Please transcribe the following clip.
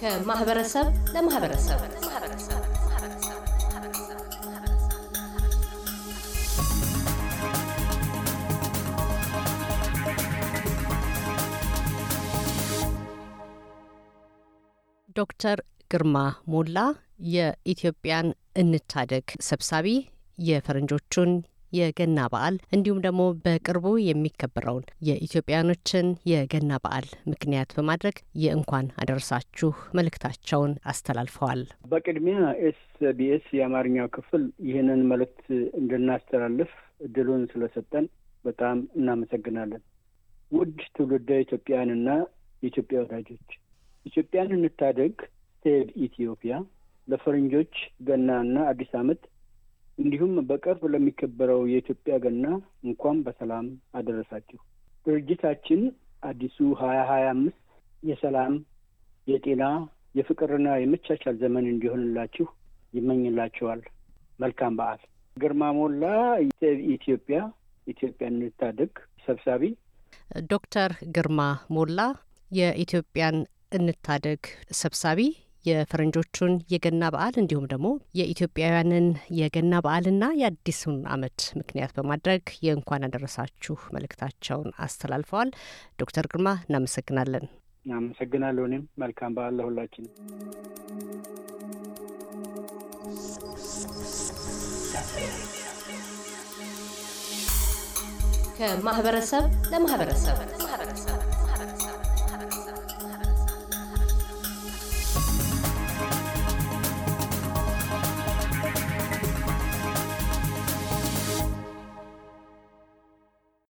ከማህበረሰብ ለማህበረሰብ ዶክተር ግርማ ሞላ የኢትዮጵያን እንታደግ ሰብሳቢ የፈረንጆቹን የገና በዓል እንዲሁም ደግሞ በቅርቡ የሚከበረውን የኢትዮጵያኖችን የገና በዓል ምክንያት በማድረግ የእንኳን አደረሳችሁ መልእክታቸውን አስተላልፈዋል። በቅድሚያ ኤስቢኤስ የአማርኛው ክፍል ይህንን መልእክት እንድናስተላልፍ እድሉን ስለሰጠን በጣም እናመሰግናለን። ውድ ትውልደ ኢትዮጵያውያንና የኢትዮጵያ ወዳጆች ኢትዮጵያን እንታደግ ሴቭ ኢትዮጵያ ለፈረንጆች ገናና አዲስ ዓመት እንዲሁም በቅርብ ለሚከበረው የኢትዮጵያ ገና እንኳን በሰላም አደረሳችሁ። ድርጅታችን አዲሱ ሀያ ሀያ አምስት የሰላም የጤና የፍቅርና የመቻቻል ዘመን እንዲሆንላችሁ ይመኝላችኋል። መልካም በዓል። ግርማ ሞላ ኢትዮጵያ ኢትዮጵያን እንታደግ ሰብሳቢ። ዶክተር ግርማ ሞላ የኢትዮጵያን እንታደግ ሰብሳቢ የፈረንጆቹን የገና በዓል እንዲሁም ደግሞ የኢትዮጵያውያንን የገና በዓልና የአዲሱን ዓመት ምክንያት በማድረግ የእንኳን ያደረሳችሁ መልእክታቸውን አስተላልፈዋል። ዶክተር ግርማ እናመሰግናለን። አመሰግናለሁ። እኔም መልካም በዓል ለሁላችን። ከማህበረሰብ ለማህበረሰብ